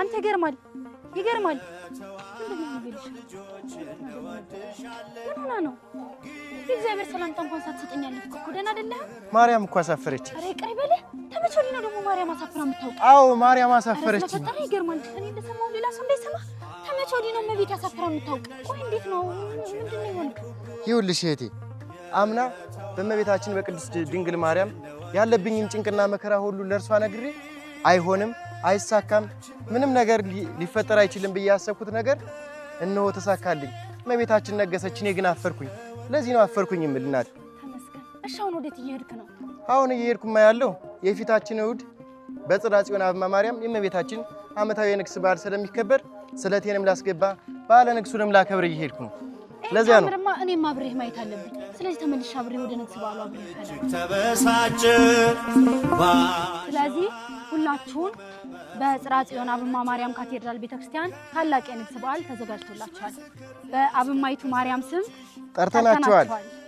አንተ ይገርማል፣ ይገርማል። ምንሆና ነው እግዚአብሔር ሰላምታ እንኳን ሳትሰጠኝ ያለፍክ እኮ ደህና አይደለህም። ማርያም እኮ አሳፈረች። ኧረ ይቅር በለህ። ደግሞ ማርያም አሳፍራ የምታውቀው? አዎ ማርያም አሳፈረች። ይገርማል። እኔ እንደሰማሁ ሌላ ሰው እንዳይሰማ አሳፍራ የምታውቀው? ቆይ እንዴት ነው ምንድን ነው የሆንክ? ይኸውልሽ እህቴ አምና በእመቤታችን በቅድስት ድንግል ማርያም ያለብኝን ጭንቅና መከራ ሁሉ ለእርሷ ነግሬ አይሆንም፣ አይሳካም፣ ምንም ነገር ሊፈጠር አይችልም ብዬ ያሰብኩት ነገር እነሆ ተሳካልኝ። እመቤታችን ነገሰች፣ እኔ ግን አፈርኩኝ። ለዚህ ነው አፈርኩኝ የምልናት። እሻውን ወዴት እየሄድክ ነው? አሁን እየሄድኩማ ያለው የፊታችን እሁድ በጽርሐ ጽዮን አብማ ማርያም የእመቤታችን ዓመታዊ የንግስ በዓል ስለሚከበር ስለቴንም ላስገባ በዓለ ንግሱንም ላከብር እየሄድኩ ነው። ለዚያ ነው እኔም አብሬህ ማየት አለብኝ። ስለዚህ ተመልሼ አብሬ ወደ ንግስ ባሏ ተበሳጭ። ስለዚህ ሁላችሁን በጽርሐ ጽዮን አብማ ማርያም ካቴድራል ቤተክርስቲያን ታላቅ የንግስ በዓል ተዘጋጅቶላችኋል። በአብማይቱ ማርያም ስም ጠርተናችኋል።